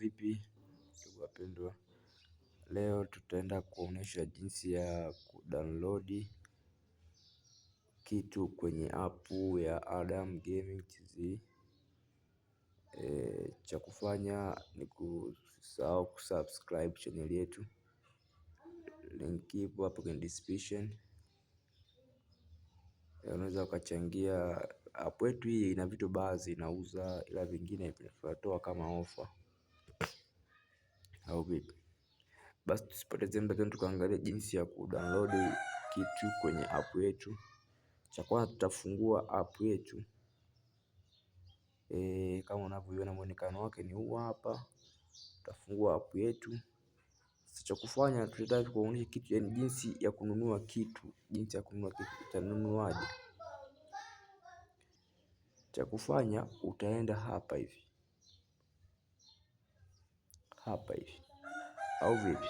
Vipi ndugu wapendwa, leo tutaenda kuonyesha jinsi ya kudownload kitu kwenye apu ya Adam Gaming TZ. E, cha kufanya ni kusahau kusubscribe channel yetu, link ipo hapo kwenye description. E, unaweza ukachangia apu yetu hii, ina vitu baadhi inauza, ila vingine vinatoa kama ofa au vipi? Basi tusipoteze muda tena tukaangalia jinsi ya kudownload kitu kwenye app yetu. Cha kwanza tutafungua app yetu e, kama unavyoona muonekano wake ni huu hapa. Tutafungua app yetu. Sasa cha kufanya tutataka kuonyesha kitu, yani jinsi ya kununua kitu, jinsi ya kununua kitu. Utanunuaje? Cha kufanya utaenda hapa hivi hapa hivi au vipi?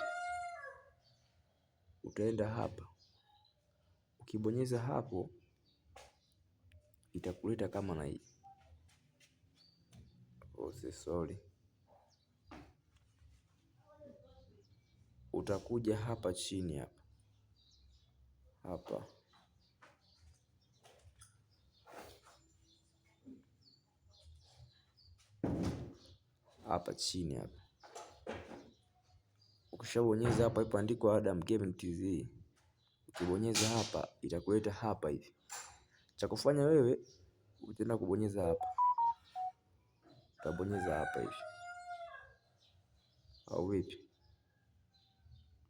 Utaenda hapa, ukibonyeza hapo itakuleta kama na hii sorry. Utakuja hapa chini hapa hapa hapa chini hapa Ukishabonyeza hapa ipo ipoandikwa Adam Gaming TV. Ukibonyeza hapa itakuleta hapa hivi. Cha kufanya wewe utaenda kubonyeza hapa. Utabonyeza hapa hivi. Au vipi?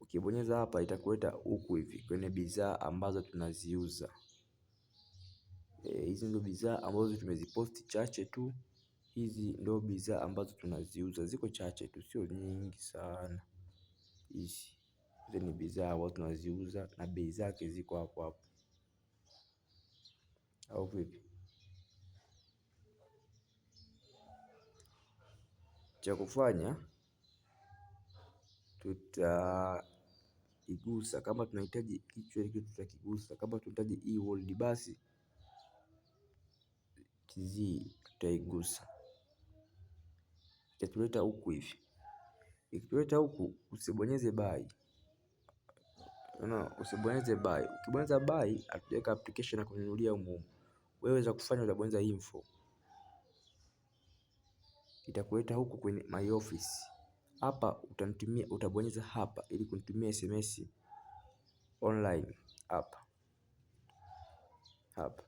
Ukibonyeza hapa itakuleta huku hivi kwenye bidhaa ambazo tunaziuza. E, hizi e, ndio bidhaa ambazo tumeziposti chache tu. Hizi ndio bidhaa ambazo tunaziuza, ziko chache tu, sio nyingi sana hizi zote ni bidhaa ambazo tunaziuza na bei zake ziko hapo hapo, au vipi? Cha kufanya tutaigusa, kama tunahitaji kichwa hiki tutakigusa, kama tunahitaji hii world basi kizi tutaigusa, itatuleta huku hivi. Ikituleta huku usibonyeze buy. Unaona, usibonyeze buy. Ukibonyeza buy ataweka application ya kununulia huko. Wewe za kufanya utabonyeza info. Itakuleta huku kwenye my office. Hapa utanitumia, utabonyeza hapa ili kunitumia SMS online hapa. Hapa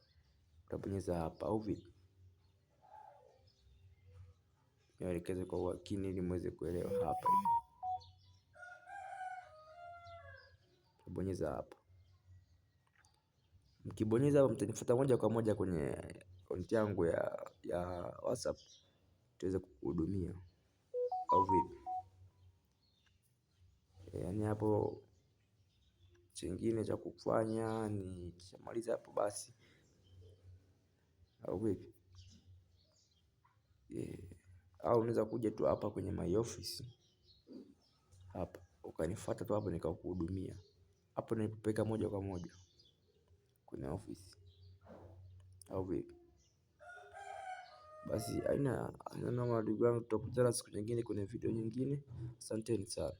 utabonyeza hapa au vipi? niwaelekeze kwa uwakini ili muweze kuelewa. Hapa tabonyeza hapa, mkibonyeza hapa mtanifuata moja kwa moja kwenye akaunti yangu ya, ya WhatsApp tuweze kukuhudumia au vipi? Yaani hapo chingine cha kufanya ni kishamaliza hapo basi au vipi? au unaweza kuja tu hapa kwenye my office hapa ukanifuata tu hapo nikakuhudumia hapo nikupeka moja kwa moja kwenye office au vipi? Basi aina noma, ndugu yangu, tutakutana siku nyingine kwenye video nyingine. Asanteni sana.